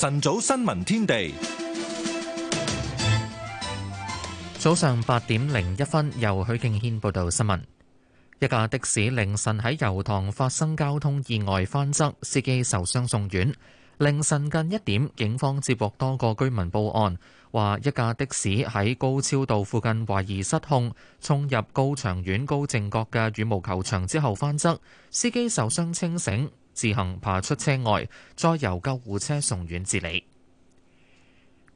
晨早新聞天地，早上八點零一分，由許敬軒報道新聞。一架的士凌晨喺油塘發生交通意外翻側，司機受傷送院。凌晨近一點，警方接獲多個居民報案，話一架的士喺高超道附近懷疑失控，衝入高翔苑高正閣嘅羽毛球場之後翻側，司機受傷清醒。自行爬出車外，再由救護車送院治理。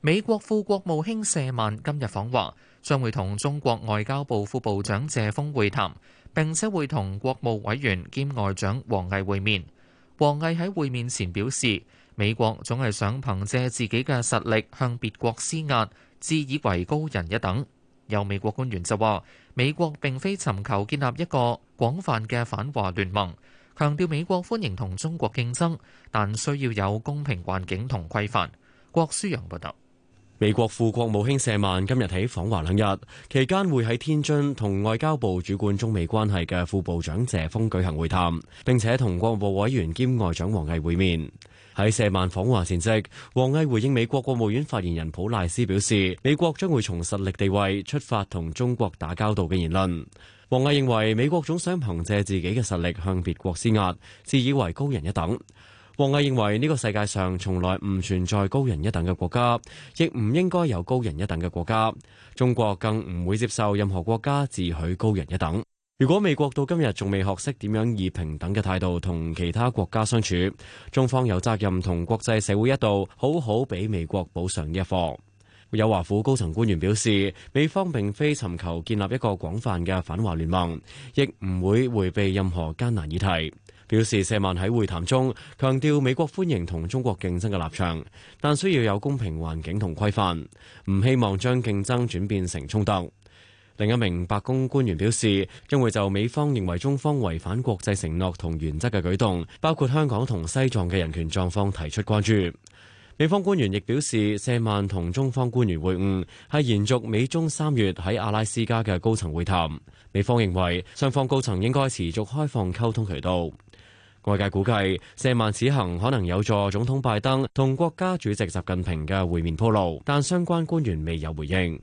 美國副國務卿謝曼今日訪華，將會同中國外交部副部長謝峰會談，並且會同國務委員兼外長王毅會面。王毅喺會面前表示，美國總係想憑藉自己嘅實力向別國施壓，自以為高人一等。有美國官員就話，美國並非尋求建立一個廣泛嘅反華聯盟。強調美國歡迎同中國競爭，但需要有公平環境同規範。郭舒揚報導，美國副國務卿舍曼今日起訪華兩日期間，會喺天津同外交部主管中美關係嘅副部長謝鋒舉行會談，並且同國務委員兼外長王毅會面。喺舍曼訪華前夕，王毅回應美國國務院發言人普賴斯表示，美國將會從實力地位出發同中國打交道嘅言論。王毅認為美國總想憑借自己嘅實力向別國施壓，自以為高人一等。王毅認為呢個世界上從來唔存在高人一等嘅國家，亦唔應該有高人一等嘅國家。中國更唔會接受任何國家自詡高人一等。如果美國到今日仲未學識點樣以平等嘅態度同其他國家相處，中方有責任同國際社會一道好好俾美國補上一課。有華府高層官員表示，美方並非尋求建立一個廣泛嘅反華聯盟，亦唔會迴避任何艱難議題。表示社曼喺會談中強調美國歡迎同中國競爭嘅立場，但需要有公平環境同規範，唔希望將競爭轉變成衝突。另一名白宮官員表示，將會就美方認為中方違反國際承諾同原則嘅舉動，包括香港同西藏嘅人權狀況，提出關注。美方官員亦表示，謝曼同中方官員會晤係延續美中三月喺阿拉斯加嘅高層會談。美方認為，雙方高層應該持續開放溝通渠道。外界估計，謝曼此行可能有助總統拜登同國家主席習近平嘅會面鋪路，但相關官員未有回應。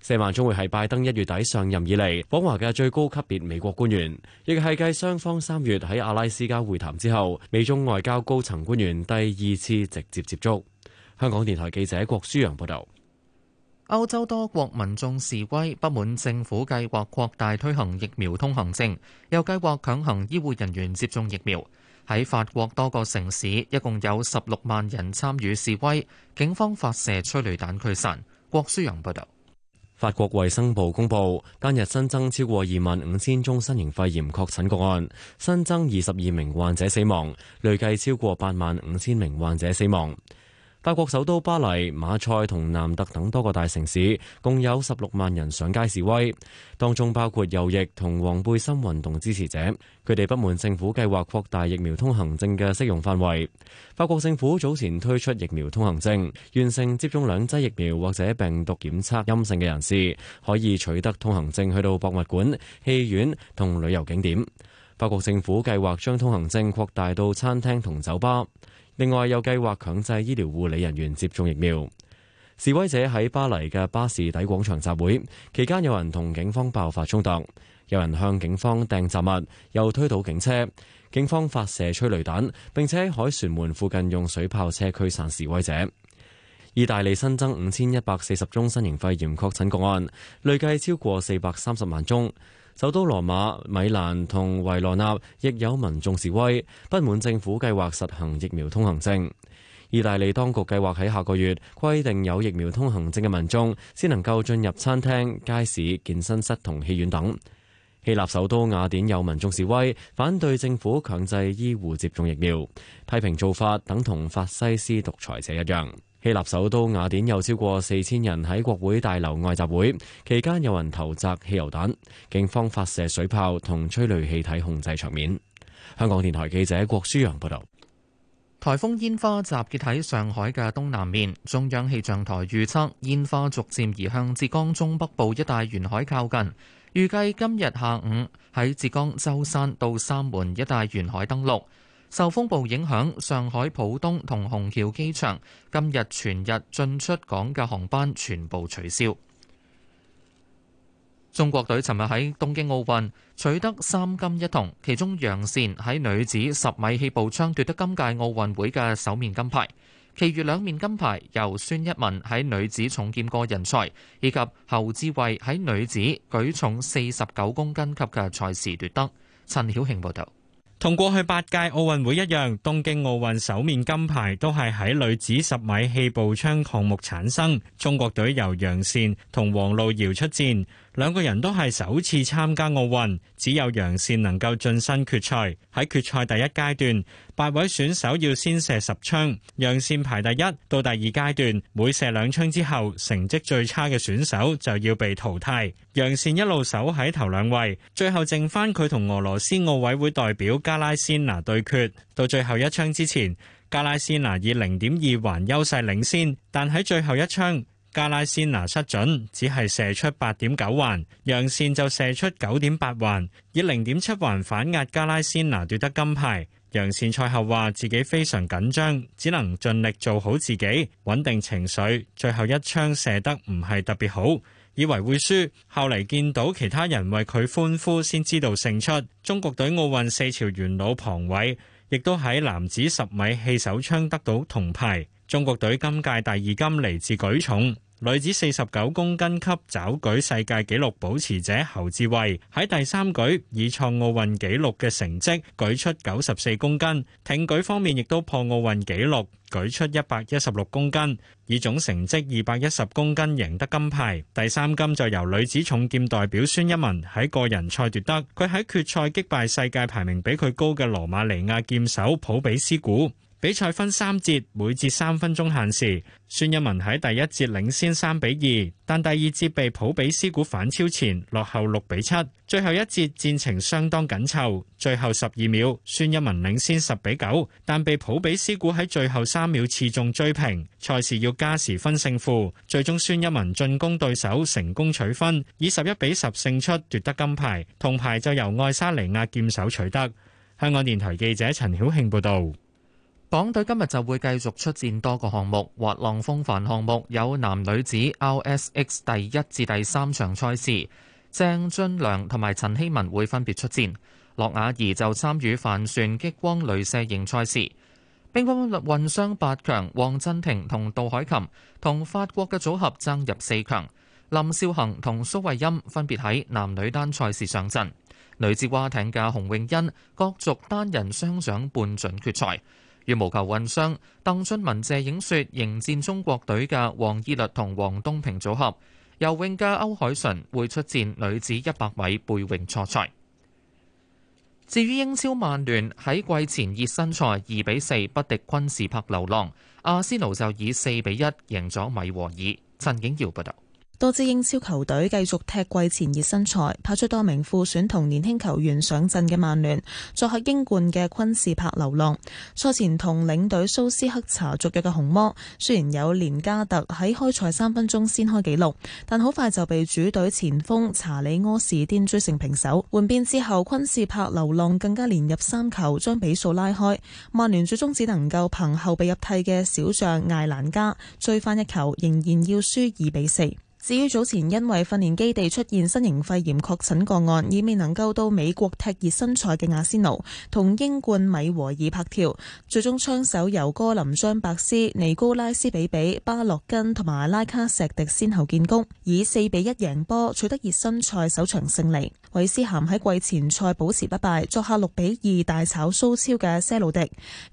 四萬將會係拜登一月底上任以嚟訪華嘅最高級別美國官員，亦係繼雙方三月喺阿拉斯加會談之後，美中外交高層官員第二次直接接觸。香港電台記者郭舒揚報道。歐洲多國民眾示威，不滿政府計劃擴大推行疫苗通行證，又計劃強行醫護人員接種疫苗。喺法國多個城市，一共有十六萬人參與示威，警方發射催淚彈驅散。郭舒揚報道。法國衛生部公布，今日新增超過二萬五千宗新型肺炎確診個案，新增二十二名患者死亡，累計超過八萬五千名患者死亡。法國首都巴黎、馬賽同南特等多個大城市，共有十六萬人上街示威，當中包括右翼同黃背心運動支持者。佢哋不滿政府計劃擴大疫苗通行證嘅適用範圍。法國政府早前推出疫苗通行證，完成接種兩劑疫苗或者病毒檢測陰性嘅人士，可以取得通行證去到博物館、戲院同旅遊景點。法國政府計劃將通行證擴大到餐廳同酒吧。另外，有計劃強制醫療護理人員接種疫苗。示威者喺巴黎嘅巴士底廣場集會，期間有人同警方爆發衝突，有人向警方掟雜物，又推倒警車。警方發射催淚彈，並且喺凱旋門附近用水炮車驅散示威者。意大利新增五千一百四十宗新型肺炎確診個案，累計超過四百三十萬宗。首都羅馬、米蘭同維羅納亦有民眾示威，不滿政府計劃實行疫苗通行證。意大利當局計劃喺下個月規定有疫苗通行證嘅民眾先能夠進入餐廳、街市、健身室同戲院等。希臘首都雅典有民眾示威，反對政府強制醫護接種疫苗，批評做法等同法西斯獨裁者一樣。希臘首都雅典有超過四千人喺國會大樓外集會，期間有人投擲汽油彈，警方發射水炮同催淚氣體控制場面。香港電台記者郭舒陽報道。颱風煙花集結喺上海嘅東南面，中央氣象台預測煙花逐漸移向浙江中北部一帶沿海靠近，預計今日下午喺浙江舟山到三門一帶沿海登陸。受風暴影響，上海浦東同虹橋機場今日全日進出港嘅航班全部取消。中國隊尋日喺東京奧運取得三金一銅，其中楊倩喺女子十米氣步槍奪得今屆奧運會嘅首面金牌，其餘兩面金牌由孫一文喺女子重劍個人賽以及侯志慧喺女子舉重四十九公斤級嘅賽事奪得。陳曉慶報導。同過去八屆奧運會一樣，東京奧運首面金牌都係喺女子十米氣步槍項目產生。中國隊由楊倩同王璐瑤出戰。兩個人都係首次參加奧運，只有楊倩能夠晉身決賽。喺決賽第一階段，八位選手要先射十槍，楊倩排第一。到第二階段，每射兩槍之後，成績最差嘅選手就要被淘汰。楊倩一路守喺頭兩位，最後剩翻佢同俄羅斯奧委會代表加拉仙拿對決。到最後一槍之前，加拉仙拿以零點二環優勢領先，但喺最後一槍。加拉先拿失準，只係射出八點九環，楊倩就射出九點八環，以零點七環反壓加拉先拿奪得金牌。楊倩賽後話自己非常緊張，只能盡力做好自己，穩定情緒。最後一槍射得唔係特別好，以為會輸，後嚟見到其他人為佢歡呼，先知道勝出。中國隊奧運四朝元老龐偉亦都喺男子十米氣手槍得到銅牌。中國隊今屆第二金嚟自舉重。女子四十九公斤級抓舉世界紀錄保持者侯志慧喺第三舉以創奧運紀錄嘅成績舉出九十四公斤，挺舉方面亦都破奧運紀錄，舉出一百一十六公斤，以總成績二百一十公斤贏得金牌。第三金就由女子重劍代表孫一文喺個人賽奪得，佢喺決賽擊敗世界排名比佢高嘅羅馬尼亞劍手普比斯古。比賽分三節，每節三分鐘限時。孫一文喺第一節領先三比二，但第二節被普比斯古反超前，落後六比七。最後一節戰情相當緊湊，最後十二秒孫一文領先十比九，但被普比斯古喺最後三秒刺中追平。賽事要加時分勝負，最終孫一文進攻對手成功取分，以十一比十勝出奪得金牌，銅牌就由愛沙尼亞劍手取得。香港電台記者陳曉慶報道。港隊今日就會繼續出戰多個項目，滑浪風帆項目有男女子 RSX 第一至第三場賽事，鄭俊良同埋陳希文會分別出戰。駱亞儀就參與帆船激光鐳射型賽事。乒乓混雙八強，黃鎮廷同杜海琴同法國嘅組合爭入四強。林少恒同蘇慧音分別喺男女單賽事上陣。女子蛙艇嘅洪泳欣角逐單人雙槳半準決賽。羽毛球混雙鄧俊文、謝影雪迎戰中國隊嘅王懿律同黃東萍組合，游泳嘅歐鎧淳會出戰女子一百米背泳初賽。至於英超曼聯喺季前熱身賽二比四不敵昆士柏流浪，阿仙奴就以四比一贏咗米禾爾。陳景耀報道。多支英超球隊繼續踢季前熱身賽，派出多名副選同年輕球員上陣嘅曼聯，作客英冠嘅昆士柏流浪。賽前同領隊蘇斯克查續約嘅紅魔，雖然有連加特喺開賽三分鐘先開紀錄，但好快就被主隊前鋒查理柯士甸追成平手。換邊之後，昆士柏流浪更加連入三球，將比數拉開。曼聯最終只能夠憑後備入替嘅小將艾蘭加追翻一球，仍然要輸二比四。至於早前因為訓練基地出現新型肺炎確診個案，而未能夠到美國踢熱身賽嘅亞仙奴同英冠米和爾拍條，最終槍手由哥林張伯斯、尼高拉斯比比、巴洛根同埋拉卡錫迪先後建功，以四比一贏波，取得熱身賽首場勝利。韋斯咸喺季前賽保持不敗，作客六比二大炒蘇超嘅西路迪，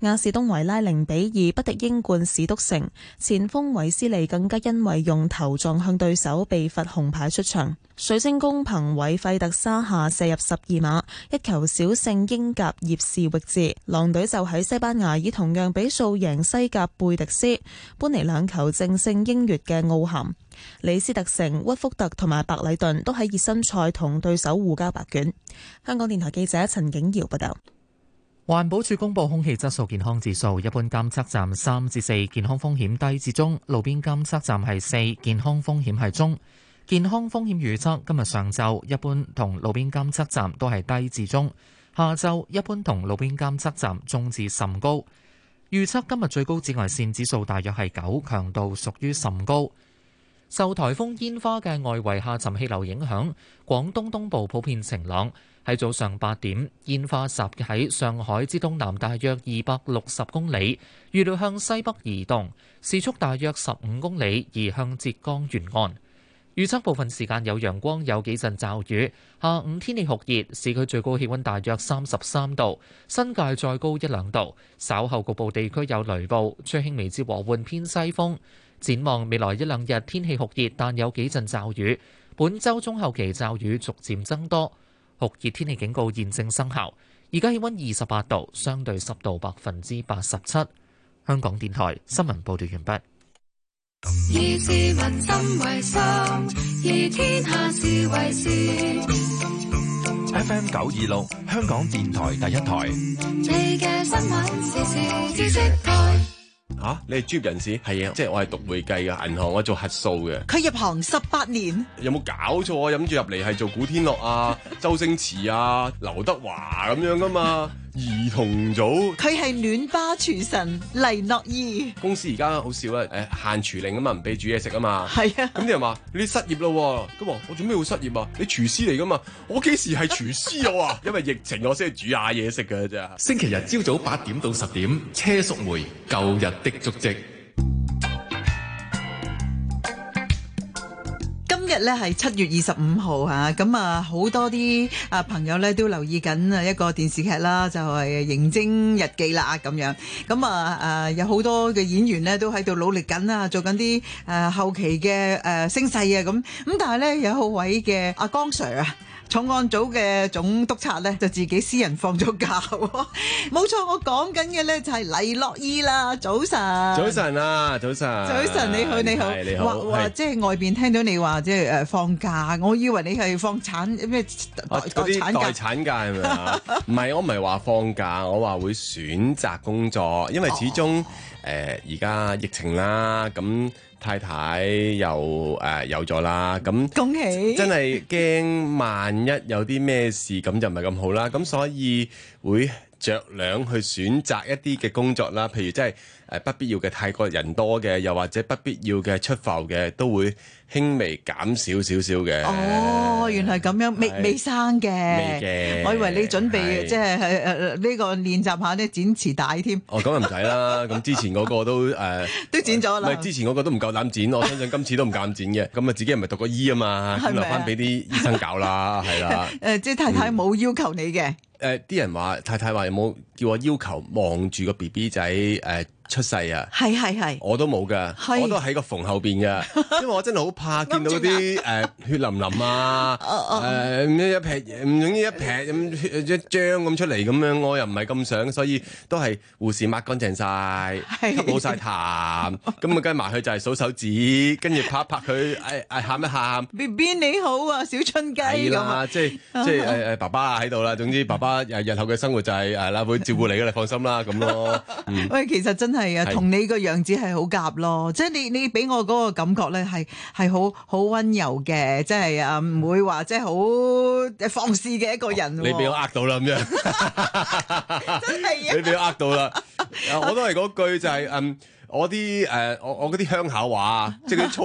亞士東維拉零比二不敵英冠史篤城，前鋒韋斯利更加因為用頭撞向對手被罰紅牌出場。水晶宮憑韋費特沙下射入十二碼，一球小勝英甲葉士域治。狼隊就喺西班牙以同樣比數贏西甲貝迪斯。般尼兩球淨勝英乙嘅奧咸。李斯特城、屈福特同埋白禮頓都喺熱身賽同對手互交白卷。香港電台記者陳景瑤報道。環保署公布空氣質素健康指數，一般監測站三至四，健康風險低至中；路邊監測站係四，健康風險係中。健康風險預測今日上晝一般同路邊監測站都係低至中，下晝一般同路邊監測站中至甚高。預測今日最高紫外線指數大約係九，強度屬於甚高。受颱風煙花嘅外圍下沉氣流影響，廣東東部普遍晴朗。喺早上八點，煙花集喺上海之東南，大約二百六十公里，預料向西北移動，時速大約十五公里，移向浙江沿岸。預測部分時間有陽光，有幾陣驟雨。下午天氣酷熱，市區最高氣温大約三十三度，新界再高一兩度。稍後局部地區有雷暴，吹輕微至和緩偏西風。展望未來一兩日天氣酷熱，但有幾陣驟雨。本周中後期驟雨逐漸增多，酷熱天氣警告現正生效。而家氣溫二十八度，相對濕度百分之八十七。香港電台新聞報道完畢。以市民心為先，以天下事為事。FM 九二六，香港電台第一台。你嘅新聞時事知識台。啊！你係專業人士，係啊，即係我係讀會計嘅，銀行我做核數嘅。佢入行十八年，有冇搞錯啊？諗住入嚟係做古天樂啊、 周星馳啊、劉德華咁、啊、樣噶嘛？ 兒童組，佢係暖爸廚神黎諾懿。公司而家好少啦，誒、哎、限廚令啊嘛，唔俾煮嘢食啊嘛。係啊，咁啲人話你，你失業啦，啊，咁我做咩會失業啊？你廚師嚟噶嘛，我幾時係廚師啊？ 因為疫情我先係煮下嘢食㗎啫。星期日朝早八點到十點，車淑梅，舊日的足跡。今日咧，係七月二十五號吓，咁啊好多啲啊朋友咧都留意緊啊一個電視劇啦，就係、是《刑偵日記》啦咁樣，咁啊誒有好多嘅演員咧都喺度努力緊啊，做緊啲誒後期嘅誒聲勢啊咁，咁但係咧有好位嘅阿江 Sir 啊。重案組嘅總督察咧，就自己私人放咗假。冇 錯，我講緊嘅咧就係黎諾懿啦。早晨，早晨啊，早晨，早晨，你好，你好，你好。是即係外邊聽到你話即係誒放假，我以為你係放產咩待、啊、產假係咪啊？唔係， 我唔係話放假，我話會選擇工作，因為始終誒而家疫情啦咁。太太又誒、呃、有咗啦，咁恭喜！真係驚萬一有啲咩事，咁就唔係咁好啦，咁所以會着量去選擇一啲嘅工作啦，譬如即係誒不必要嘅泰國人多嘅，又或者不必要嘅出埠嘅，都會輕微減少少少嘅。哦，原嚟咁樣，未未生嘅，未嘅。我以為你準備即係誒誒呢個練習下啲剪臍帶添。哦，咁又唔使啦，咁之前嗰個都誒都剪咗啦。之前嗰個都唔夠膽剪，我相信今次都唔敢剪嘅。咁啊自己唔係讀過醫啊嘛，留翻俾啲醫生搞啦，係啦。誒，即係太太冇要求你嘅。誒，啲人話太太話有冇叫我要求望住個 BB 仔誒？呃出世啊！係係係，我都冇噶，我都喺個縫後邊噶，因為我真係好怕見到啲誒血淋淋啊！唔誒一撇，唔知一撇一張咁出嚟咁樣，我又唔係咁想，所以都係護士抹乾淨晒，吸好晒痰，咁啊跟埋佢就係數手指，跟住拍一拍佢誒誒喊一喊，B B 你好啊，小春雞咁，即係即係誒誒爸爸喺度啦，總之爸爸日後嘅生活就係阿奶會照顧你，你放心啦咁咯。喂，其實真係～係啊，同你個樣子係好夾咯，即係你你俾我個感覺咧，係係好好溫柔嘅，即係啊唔會話即係好放肆嘅一個人。你俾我呃到啦，咁樣，真係。你俾我呃到啦，就是，我都係句就係，嗯，我啲誒，我我啲鄉下話，即係。